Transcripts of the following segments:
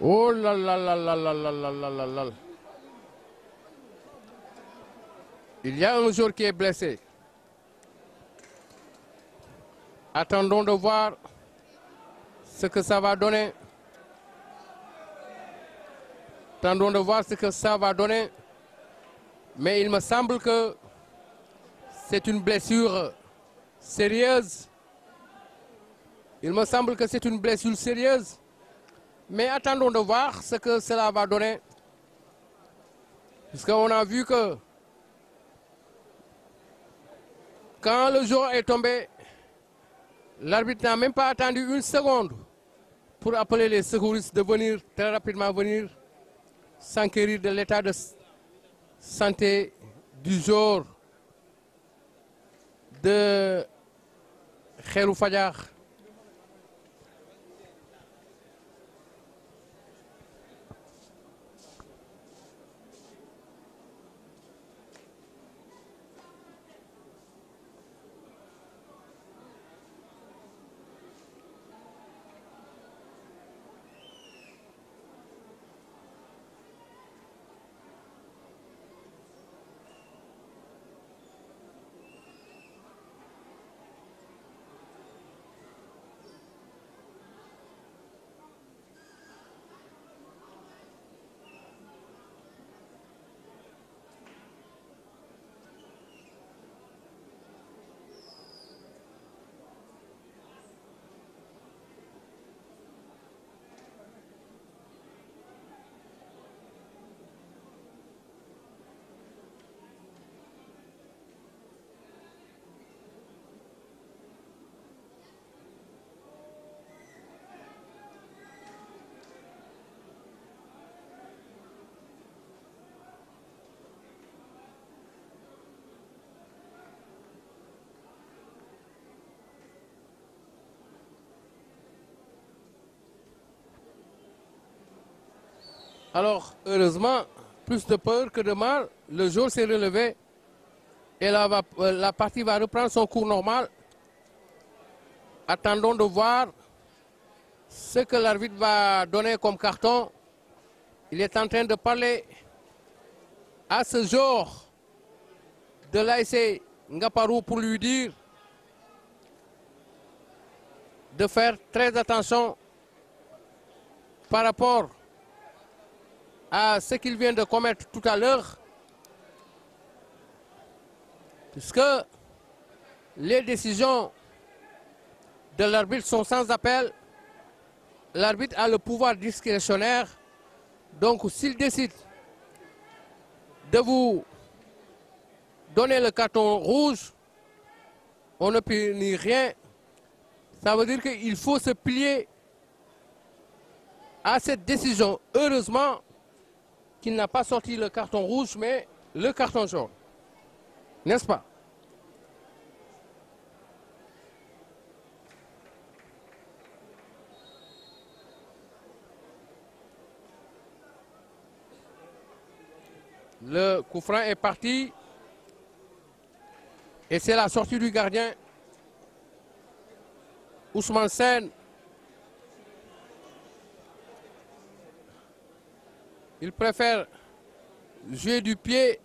Oh là là là là là là là là là là Il y a un joueur qui est blessé. Attendons de voir ce que ça va donner. Attendons de voir ce que ça va donner. Mais il me semble que c'est une blessure sérieuse. Il me semble que c'est une blessure sérieuse. Mais attendons de voir ce que cela va donner. Puisqu'on a vu que quand le jour est tombé, l'arbitre n'a même pas attendu une seconde pour appeler les secouristes de venir très rapidement venir s'enquérir de l'état de santé du jour de Kherou Alors, heureusement, plus de peur que de mal, le jour s'est relevé et euh, la, partie va reprendre son cours normal. Attendons de voir ce que l'arbitre va donner comme carton. Il est en train de parler à ce jour de l'AIC Ngaparou pour lui dire de faire très attention par rapport à ce qu'il vient de commettre tout à l'heure, puisque les décisions de l'arbitre sont sans appel. L'arbitre a le pouvoir discrétionnaire. Donc, s'il décide de vous donner le carton rouge, on ne punit rien. Ça veut dire qu'il faut se plier à cette décision. Heureusement, qui n'a pas sorti le carton rouge, mais le carton jaune. N'est-ce pas Le coup franc est parti. Et c'est la sortie du gardien. Ousmane Sen Il préfère jouer du pied.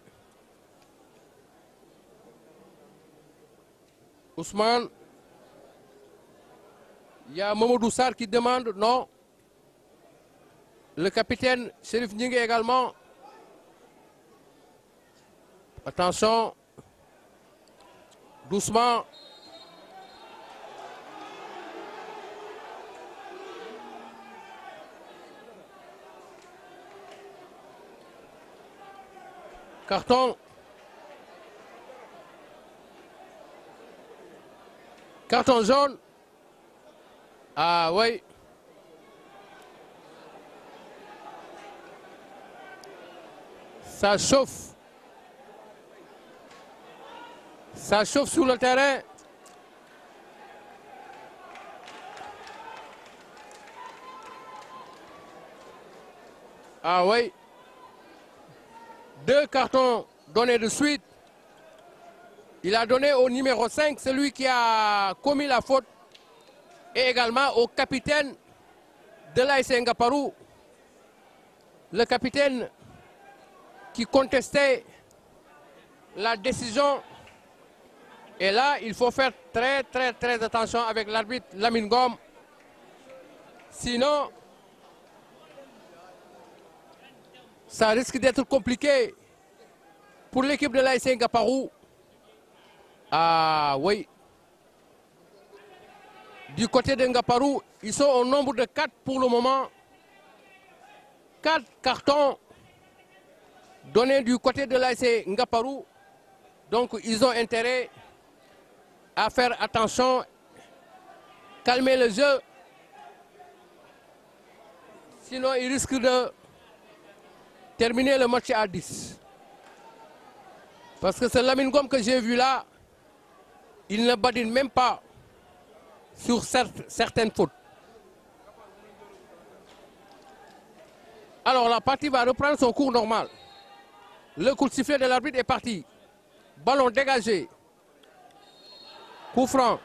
Ousmane. Il y a Momo Sarr qui demande non. Le capitaine Sherif également. Attention. Doucement. Carton. Carton jaune. Ah oui. Ça chauffe. Ça chauffe sur le terrain. Ah oui deux cartons donnés de suite. Il a donné au numéro 5, celui qui a commis la faute, et également au capitaine de l'AIC le capitaine qui contestait la décision. Et là, il faut faire très, très, très attention avec l'arbitre Lamine Gomme. Sinon, ça risque d'être compliqué pour l'équipe de l'AS Ngaparou. Ah oui. Du côté de Ngaparou, ils sont au nombre de 4 pour le moment. 4 cartons donnés du côté de l'AS Ngaparou. Donc ils ont intérêt à faire attention, calmer le jeu. Sinon, ils risquent de terminer le match à 10. Parce que ce lamin-gomme que j'ai vu là, il ne badine même pas sur certaines fautes. Alors la partie va reprendre son cours normal. Le coup de sifflet de l'arbitre est parti. Ballon dégagé. Coup franc.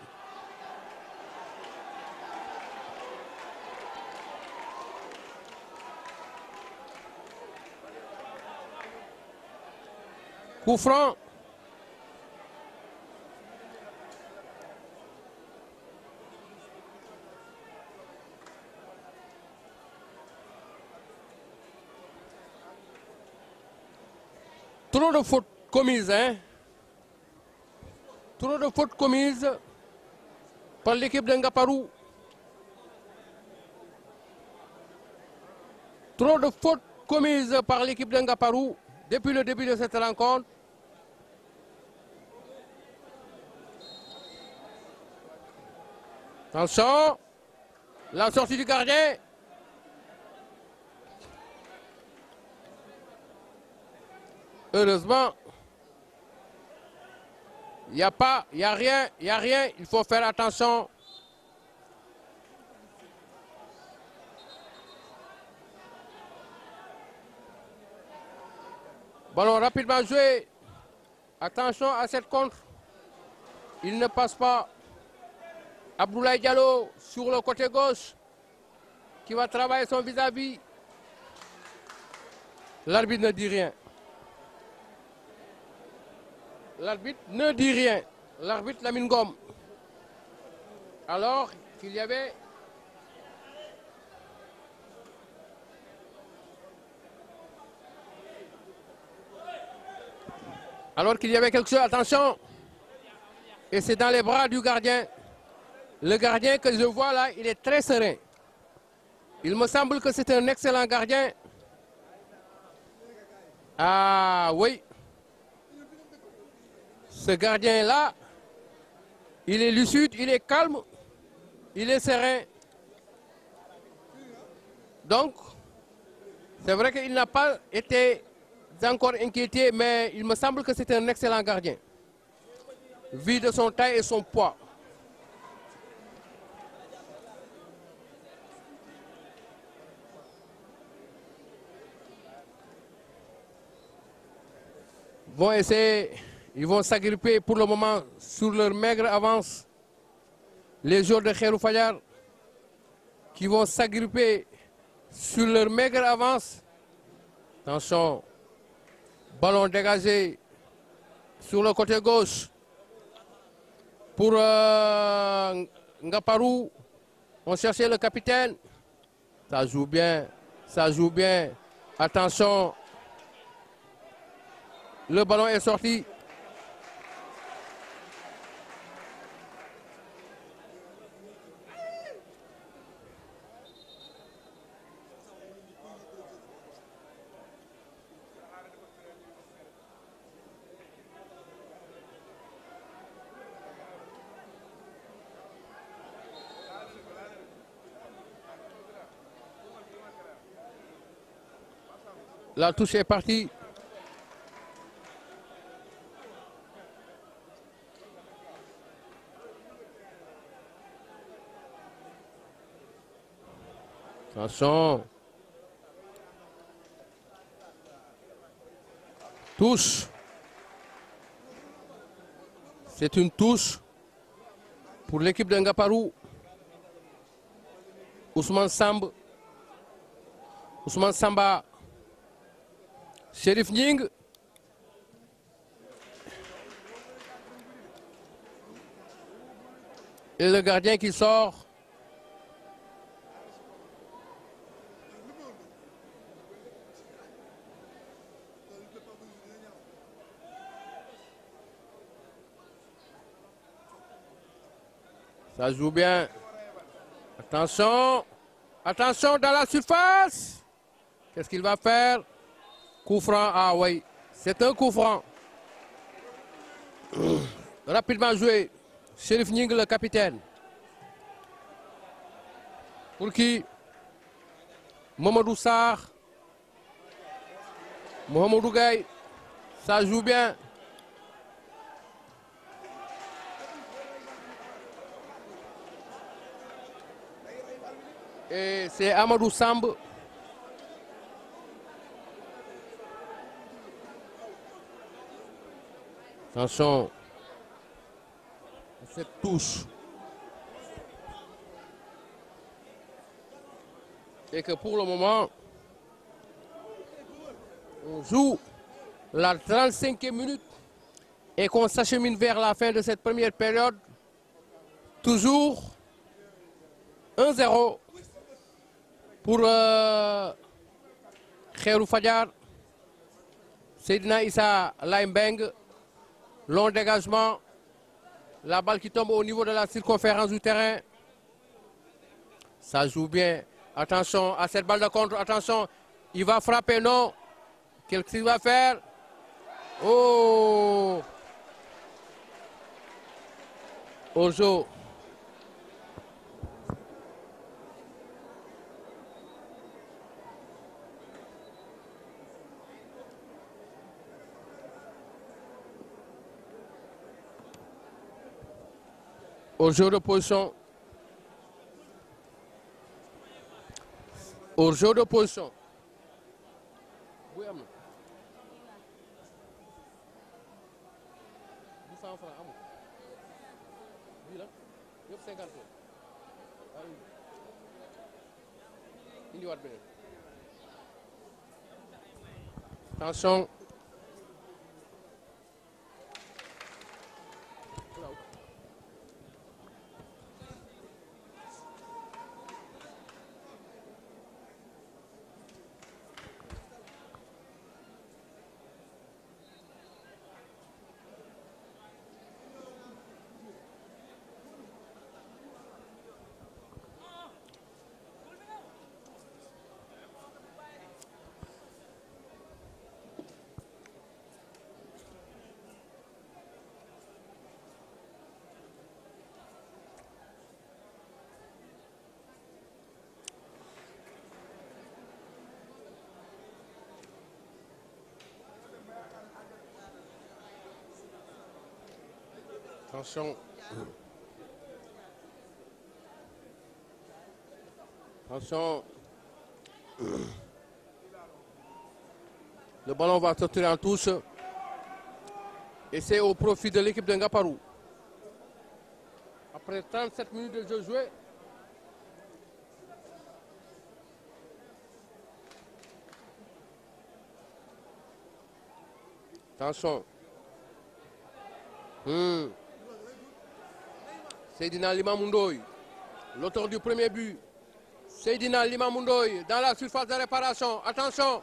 Coup Trop de fautes commises, hein Trop de fautes commises par l'équipe d'Engaparou. Trop de fautes commises par l'équipe d'Angaparou depuis le début de cette rencontre. Attention. La sortie du gardien. Heureusement, il n'y a pas, il n'y a rien, il n'y a rien. Il faut faire attention. Ballon rapidement joué. Attention à cette contre. Il ne passe pas. Abdoulaye Diallo sur le côté gauche qui va travailler son vis-à-vis. L'arbitre ne dit rien. L'arbitre ne dit rien. L'arbitre mine Gomme. Alors qu'il y avait Alors qu'il y avait quelque chose, attention. Et c'est dans les bras du gardien. Le gardien que je vois là, il est très serein. Il me semble que c'est un excellent gardien. Ah oui. Ce gardien-là, il est lucide, il est calme, il est serein. Donc, c'est vrai qu'il n'a pas été encore inquiété, mais il me semble que c'est un excellent gardien. Vu de son taille et son poids. vont essayer, ils vont s'agripper pour le moment sur leur maigre avance. Les joueurs de Kherou qui vont s'agripper sur leur maigre avance. Attention, ballon dégagé sur le côté gauche pour Ngaparu, euh, Ngaparou. On cherchait le capitaine. Ça joue bien, ça joue bien. Attention, le ballon est sorti. La touche est partie. Touche. C'est une touche pour l'équipe d'Angaparu Ousmane Samba Ousmane Samba. Sheriff Ning. Et le gardien qui sort. Ça joue bien. Attention. Attention dans la surface. Qu'est-ce qu'il va faire Coup franc. Ah oui. C'est un coup franc. Rapidement joué. Sheriff Ning, le capitaine. Pour qui Mamadou Sarr. Mohamedou Ça joue bien. Eh, c'est Amadou Samb. Attention. Cette touche. Et que pour le moment, on joue la 35e minute et qu'on s'achemine vers la fin de cette première période. Toujours 1-0 pour euh, Kherou Fadjar, Seydina Issa line-bang, long dégagement, la balle qui tombe au niveau de la circonférence du terrain. Ça joue bien. Attention à cette balle de contre. Attention, il va frapper, non Qu'est-ce va faire Oh Ojo Au jeu de position. Au jeu de position. Attention. Attention. Attention. Le ballon va sortir en touche. Et c'est au profit de l'équipe Parou. Après 37 minutes de jeu joué, Attention. Hmm. Seydina Mundoy, l'auteur du premier but. Seydina Mundoy dans la surface de réparation. Attention.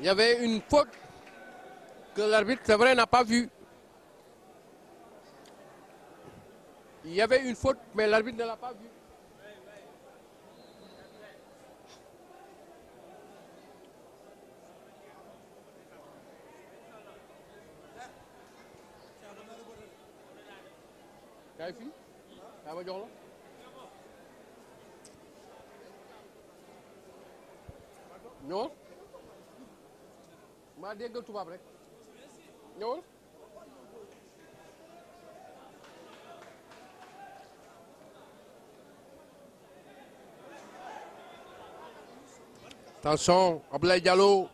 Il y avait une faute que l'arbitre, c'est vrai, n'a pas vue. Il y avait une faute, mais l'arbitre ne l'a pas vue. kaay fii daa ma jox la ñëwal maa déggal tubaab rek ñëwal attention Ablaye Diallo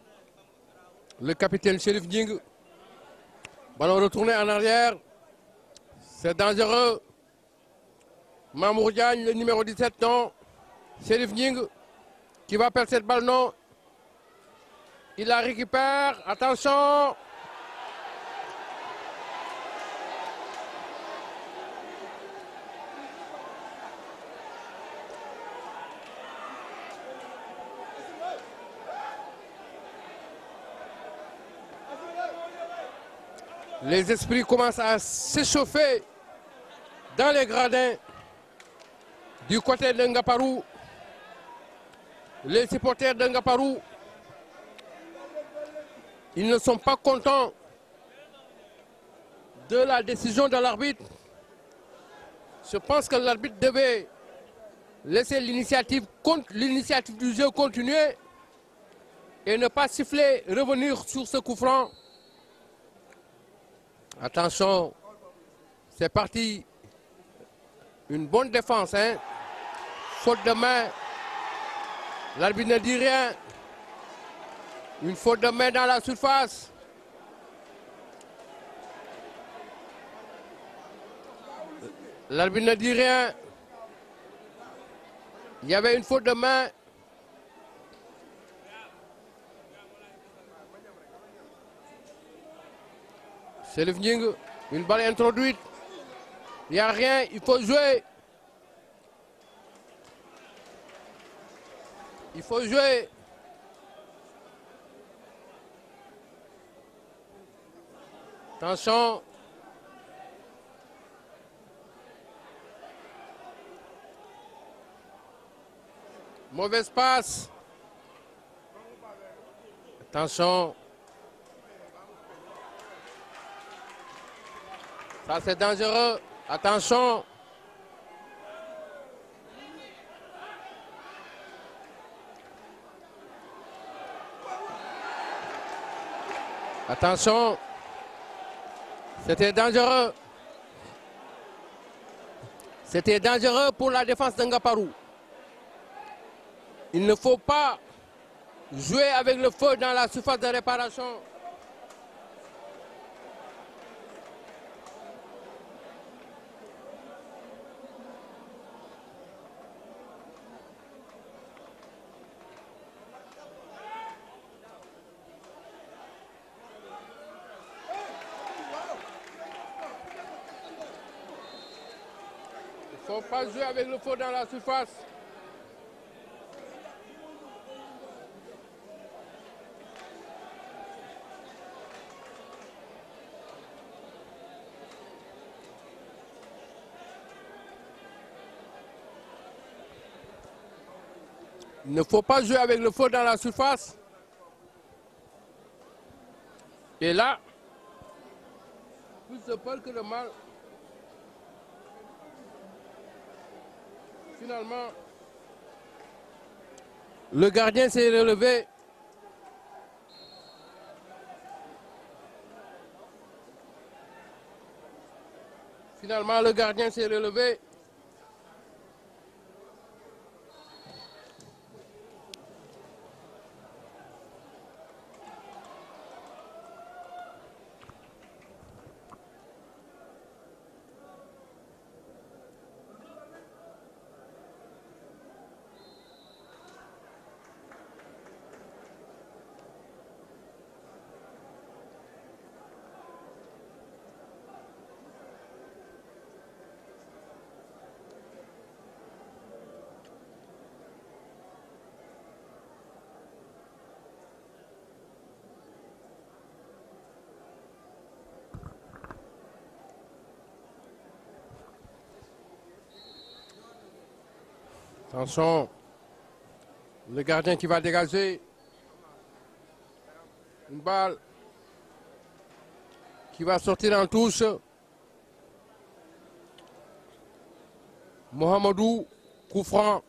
le capitaine Sheriff Ding. ballon retourné en arrière c'est dangereux. Mamour Diagne, le numéro 17, non. c'est Ning qui va perdre cette balle, non. Il la récupère. Attention. Les esprits commencent à s'échauffer dans les gradins du côté de Les supporters de ils ne sont pas contents de la décision de l'arbitre. Je pense que l'arbitre devait laisser l'initiative du jeu continuer et ne pas siffler, revenir sur ce coup franc. Attention, c'est parti. Une bonne défense, hein. Faute de main. L'arbitre ne dit rien. Une faute de main dans la surface. L'arbitre ne dit rien. Il y avait une faute de main. le une balle introduite. Il n'y a rien, il faut jouer. Il faut jouer. Attention. Mauvaise passe. Attention. Ça, c'est dangereux. Attention. Attention. C'était dangereux. C'était dangereux pour la défense d'Angaparou. Il ne faut pas jouer avec le feu dans la surface de réparation. ne faut pas jouer avec le feu dans la surface. Il ne faut pas jouer avec le faux dans la surface. Et là, plus de peur que le mal finalement, le gardien s'est relevé. Finalement, le gardien s'est relevé. Attention. Le gardien qui va dégager. Une balle qui va sortir en touche. Mohamedou, Koufran,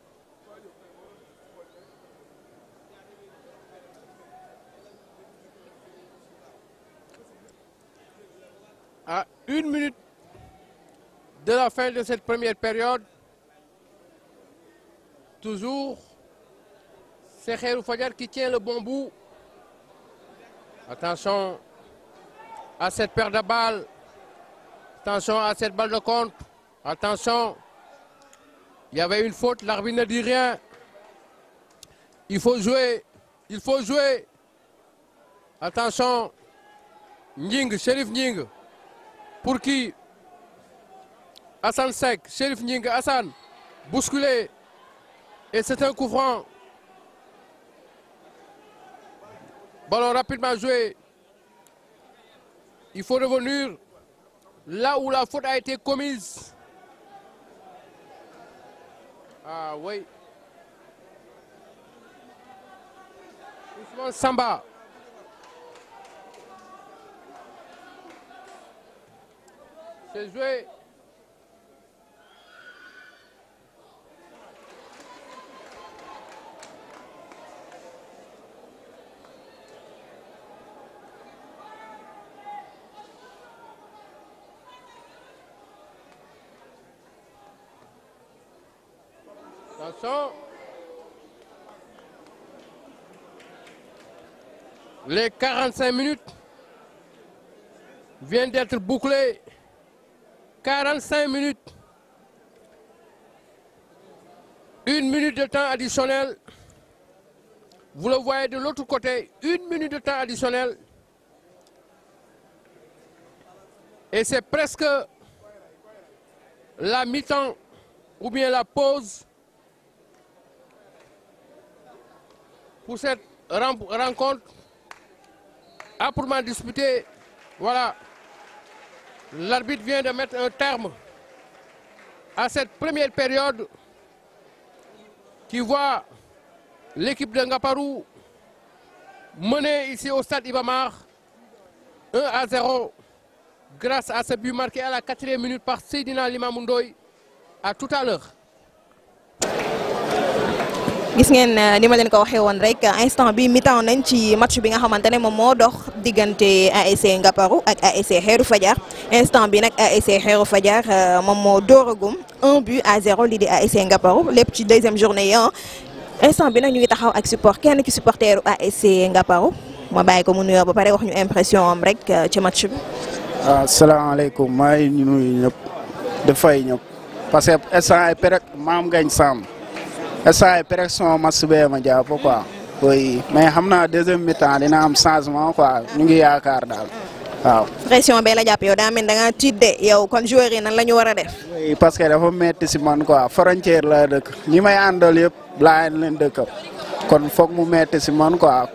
À une minute de la fin de cette première période, Toujours, c'est Khairou Fadjar qui tient le bon bout. Attention à cette paire de balles. Attention à cette balle de compte. Attention. Il y avait une faute, l'arbitre ne dit rien. Il faut jouer. Il faut jouer. Attention. Ning, Sheriff Ning. Pour qui Hassan Sek, Sheriff Ning, Hassan. Bousculé. Et c'est un coup franc. Ballon rapidement joué. Il faut revenir là où la faute a été commise. Ah oui. Ousmane Samba. C'est joué Les 45 minutes viennent d'être bouclées. 45 minutes. Une minute de temps additionnel. Vous le voyez de l'autre côté, une minute de temps additionnel. Et c'est presque la mi-temps ou bien la pause pour cette rencontre âprement disputée. Voilà, l'arbitre vient de mettre un terme à cette première période qui voit l'équipe de Ngaparou mener ici au stade Ibamar 1 à 0 grâce à ce but marqué à la quatrième minute par Sidina Limamundoy à tout à l'heure. gis ngeen euh, ni ma leen ko waxee woon rek instant bi mi-temps nañ ci match bi nga xamante ne moom moo dox diggante ASC Ngaparou ak ASC Xeeru Fajar instant bi nag ASC Xeeru Fajar euh, moom moo dooragum un but à zéro lii di ASC Ngaparou lépp ci deuxième journée yi ah. instant bi nag ñu ngi taxaw ak support kenn ci supporteru ASC Ngaparou ma bàyyi ko mu nuyoo ba pare wax ñu impression am rek euh, ci match bi. asalaamaaleykum ah, maa ngi nuyu ñëpp dafay ñëpp parce que instant ay péré maam ngañ saam. instant pression match bee ma jàpp quoi oui mais xam naa deuxième mi-temps dina am changement quoi ñu ngi yaakaar daal waaw. pression bee la jàpp yow daa mel da ngaa tiit yow kon joueur yi nan la ñu def. oui parce que dafa metti si man quoi frontière la dëkk ñi may àndal yëpp laa leen dëkkam kon foog mu metti si man quoi.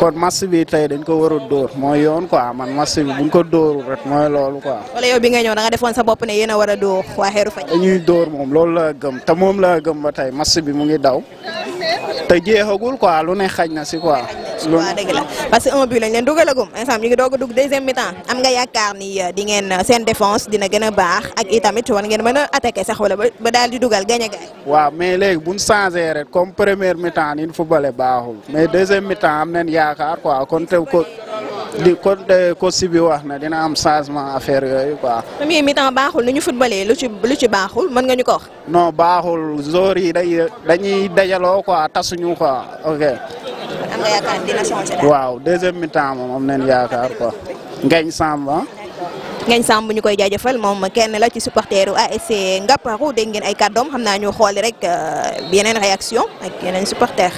kon match bi tey dañ ko war dóor mooy yoon quoi man match bi buñ ko dóorul rek mooy loolu quoi. wala yow bi nga ñëw da nga defoon sa bopp ne yéen a war a dóor waa xeeru fa. dañuy dóor moom loolu laa gëm te moom laa gëm ba tey match bi mu ngi daw. te jeexagul quoi lu ne xaj na si quoi. waaw dëgg la parce que un but lañ leen dugalagum instant ñu ngi a dugg deuxième mi-temps am nga yaakaar ni euh, di ngeen euh, seen dina gën a baax ak itamit war ngeen mën sax wala ba daal di dugal gañ a gaay. waaw mais léegi bu ñu changé rek comme première mi-temps ni ñu baaxul mais deuxième mi-temps am nañ yaakaar kon te ko. di ko coach bi wax na dina am changement affaire yooyu quoi. premier mi-temps baaxul lu ñu footballé lu ci baaxul mën nga ñu kox wax. baaxul joueurs yi day dañuy dajaloo quoi tasuñu quoi ok. am nga yaakaar dina changé waaw deuxième mi-temps moom am nañu Samba. Ah. Ngagne Samb ñu koy jaajëfal moom kenn la ci supporteru ASC Ngaparou dégg ngeen ay kàddoom xam naa ñu xooli rek euh, yeneen réaction ak yeneen supporter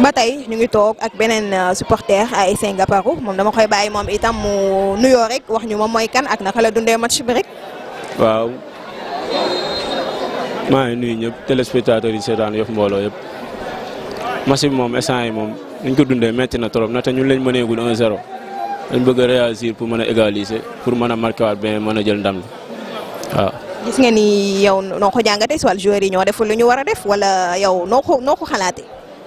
batay ñu ngi tok ak benen euh, supporter ASC Ngaparou mom dama koy baye mom itam mu nuyo rek wax ñu mom moy kan ak naka la dundé match bi rek. waaw maa ngi nuyu ñep téléspectateur yi sétane Yoff mbolo yep match bi moom instant yi mom ñu ko dundé metti na torop na te ñun lañ mëneegul 1-0 dañ bëgg réagir pour mëna égaliser pour mëna marquer wat bien mëna jël ndam waaw. gis nga ni yow noko jangate jàngatee joueur yi ñoo def lu ñu wara def wala yow noko noko xalaté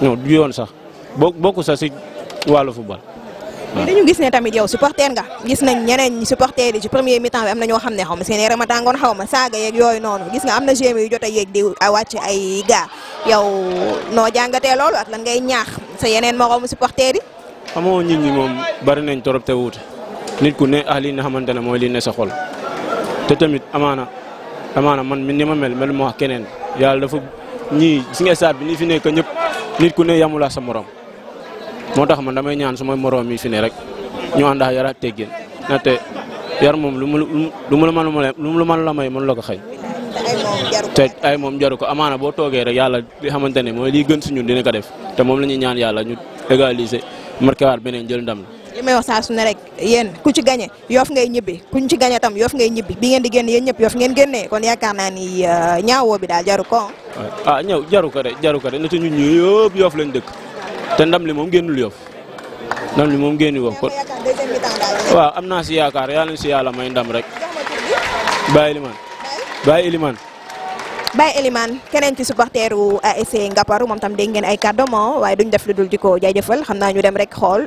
non du yoon sax boo bokku sax si wàllu football. waaw dañu gis ne tamit yow supporter nga gis nañ ñeneen ñi yi ci premier mi bi am na ñoo xam ne xaw ma seen i ramatangoon xaw ma saaga yeeg yooyu noonu gis nga am na GMA yu jot a yéeg di wàcc ay gars yow noo jàngatee loolu ak lan ngay ñaax sa yeneen moroomu supporter yi. xamoo nit ñi moom bari nañ torop te wuute nit ku ne ah lii nga xamante ne mooy lii ne sa xol te tamit amaana amaana man ni ma mel melu ma wax keneen yàlla dafa ñii gis nga stade bi ñi fi nekk ñëpp. nit ku ne yamula sa morom moo tax ma damay ñaan suma morom yi fi ne rek ñu ànd yara yar ak teggin yar moom lu mu lu mu lu mën la may mën la ko xëy. te ay moom jaru ko amaana boo togee rek yàlla li xamante ne mooy liy gën si ñun dina ko def te moom la ñuy ñaan yàlla ñu égaliser marqué beneen jël ndam la. li may wax saa su rek yeen ku ci gagné yof ngay ñibbi ku ci gagné tam yof ngay ñibbi bi ngeen di genn yeen ñep yof ngeen genné kon yaakaar na ni euh, ñaawo bi dal jaru ko ah, ah ñëw jaru ko de jaru ko de nata ñun ñu yëpp yoof lañ dëkk te ndam li moom gennul yof ndam li moom génni wax ko waaw amna ci si yaal yàlla si yàlla may ndam rek Baye liman Baye Elimane Baye eliman keneen ci supporteru ASC ngaparu mom tam de ngeen ay mo waaye duñ def lu dul di ko ñu dem rek xol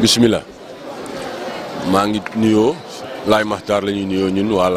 bisimilah maa ngi nuyoo Laay Maxtaar la ñuy nuyoo ñun waa